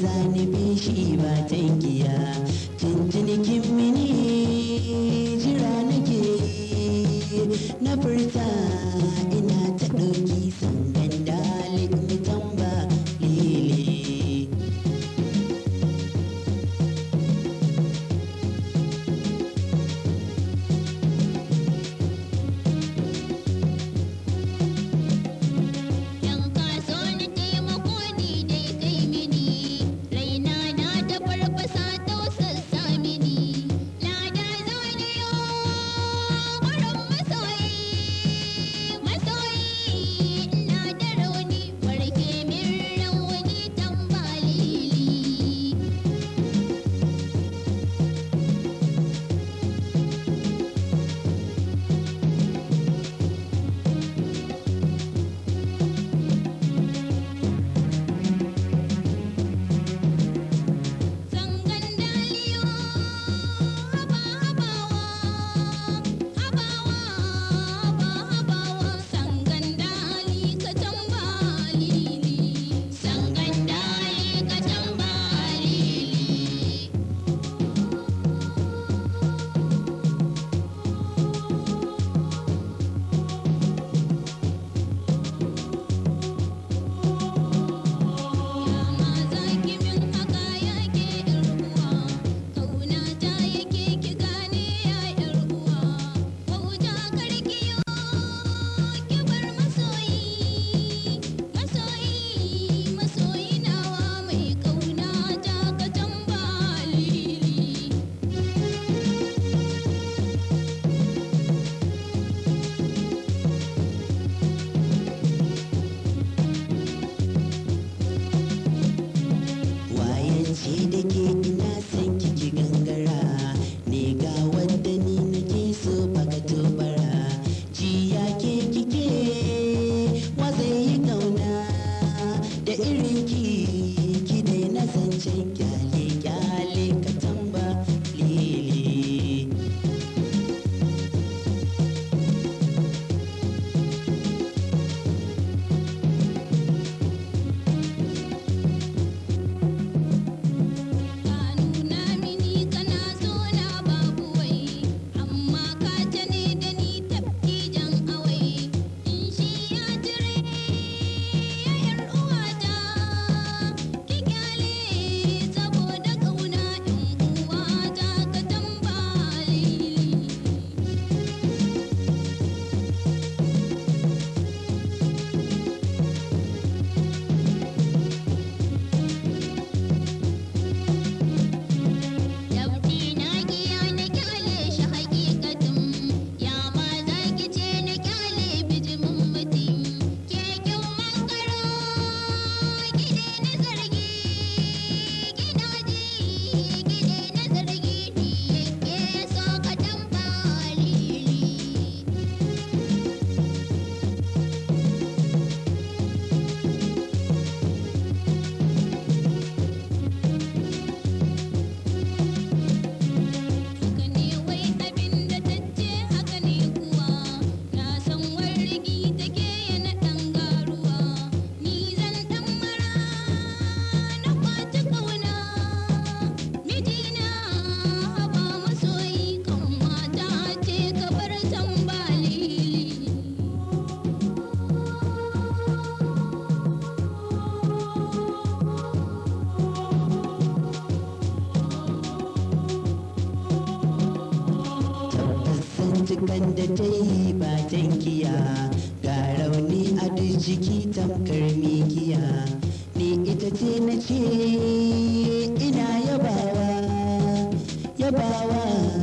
zani bishi ba tankiya sukan da ta yi ba tankiya ga rauni a duk jiki tamkar mikiya ni ita ce na ce ina yabawa yabawa